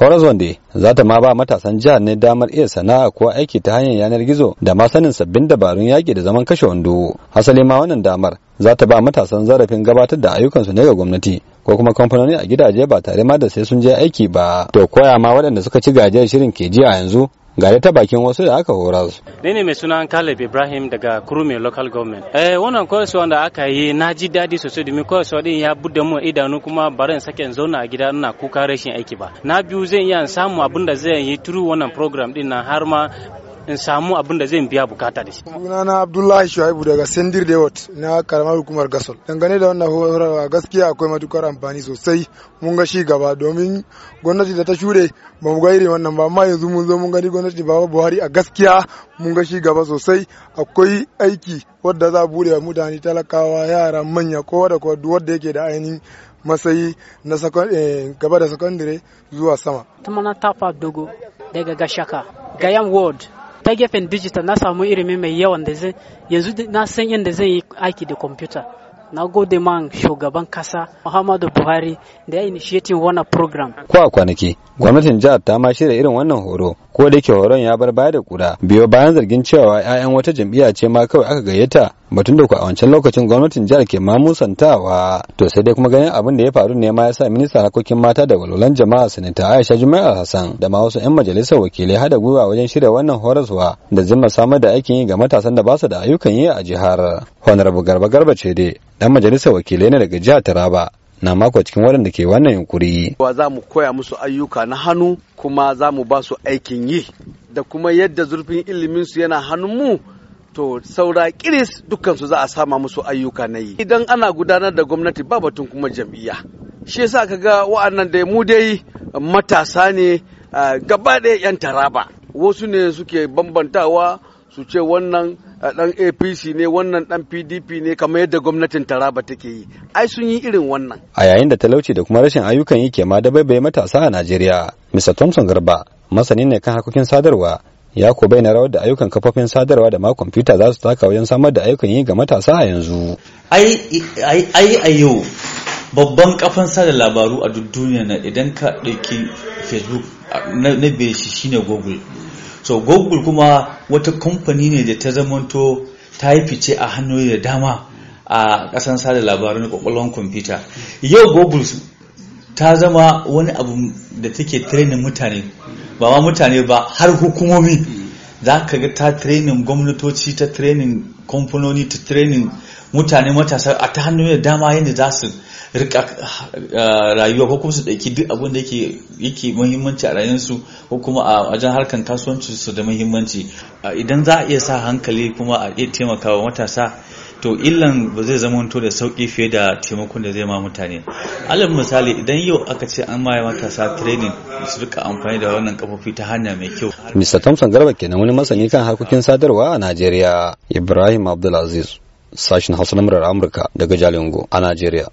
horizon day za ta ma ba matasan jihar ne damar iya sana'a ko aiki ta hanyar yanar gizo da ma sanin sabbin dabarun yaƙi da zaman kashe wando asali ma wannan damar za ta ba matasan zarafin gabatar da ayyukansu ne ga gwamnati ko kuma kamfanoni a gidaje ba tare ma da sai sun je aiki ba to koya ma waɗanda suka ci gajiyar shirin ke ji a yanzu da ta bakin wasu da aka horar. Ni ne mai suna Caleb Ibrahim daga Kurume Local Government. Eh wannan koyarwa da aka yi na ji dadi sosai domin koyarwa din ya bude mu idanu kuma barin saken sake zauna a gida ina kuka rashin aiki ba. Na biyu zan iya samu abin da zan yi turu wannan program din na har ma in samu abin da zai biya bukata da shi. Sunana Abdullahi Shuaibu daga Sendir de Wot na karamar hukumar Gasol. Dangane da wannan horarwa gaskiya akwai matukar amfani sosai mun ga shi gaba domin gwamnati da ta shure ba mu ga irin wannan ba amma yanzu mun zo mun gani gwamnati Baba Buhari a gaskiya mun ga shi gaba sosai akwai aiki wadda za bude wa mutane talakawa yara manya kowa da kowa duk wanda yake da ainihin masayi na eh, gaba da sakandare zuwa sama. Tumana Tafa Dogo daga Gashaka, Gayam Ward. ta gefen digital na samu ilimi mai yawan da zai yanzu na san yadda zai yi aiki da computer na gode man shugaban kasa muhammadu buhari da ya initiatin wannan program ko a kwanaki gwamnatin jihar ta ma shirya irin wannan horo ko da ke horon ya bar baya da kura biyo bayan zargin cewa 'ya'yan wata jam'iyya ce ma kawai aka gayyata batun da ku a wancan lokacin gwamnatin jihar ke ma musantawa to sai dai kuma ganin abin da ya faru ne ma yasa minista harkokin mata da walwalan jama'a sanata Aisha Juma'a Hassan da ma wasu 'yan majalisar wakilai hada gwiwa wajen shirya wannan horaswa da zimma samar da aikin yi ga matasan da ba da ayyukan yi a jihar Honorable Garba Garba ce dai dan majalisar wakilai ne daga jihar Taraba na mako cikin waɗanda ke wannan yunkuri. Wa za mu koya musu ayyuka na hannu kuma za mu ba su aikin yi da kuma yadda zurfin iliminsu yana hannun mu to saura kiris dukansu za a sama musu ayyuka na yi idan ana gudanar da gwamnati ba batun kuma jam'iyya shi yasa ka ga wa'annan da mu dai matasa ne gaba ɗaya 'yan taraba wasu ne suke bambantawa su ce wannan dan apc ne wannan dan pdp ne kamar yadda gwamnatin taraba take yi ai sun yi irin wannan a yayin da talauci da kuma rashin ayyukan yi ke ma da bai matasa a najeriya mr thompson garba masani ne kan harkokin sadarwa ya ko bayyana rawar da ayyukan kafofin sadarwa da ma kwamfuta za su taka wajen samar da ayyukan yi ga matasa a yanzu. Ai a yau babban kafan sada labaru a duk duniya na idan ka ɗauki Facebook na biyar shi shine Google. So Google kuma wata kamfani ne da ta zamanto ta yi fice a hannun da dama a kasan sada labaru na kwakwalwan kwamfuta. Yau Google ta zama wani abu da take trenin mutane ba ma mutane ba har hukumomi za ka ga ta training gwamnatoci ta training kamfanoni ta training mutane matasa a ta hannu da dama yadda za su rika ah, rayuwa ko kuma su ɗauki duk abin da yake muhimmanci a rayuwarsu ko kuma a wajen harkar kasuwancinsu da muhimmanci ah, idan za a iya sa hankali kuma a iya taimakawa matasa to illan ba zai zama to da sauki fiye da taimakon da zai ma mutane alal misali idan yau aka ce an ma matasa training su rika amfani da wannan kafofi ta hanya mai kyau Mr. Thompson Garba kenan wani masani kan harkokin sadarwa a Najeriya Ibrahim Abdulaziz sashin Hausa na Amurka daga Jalingo a Najeriya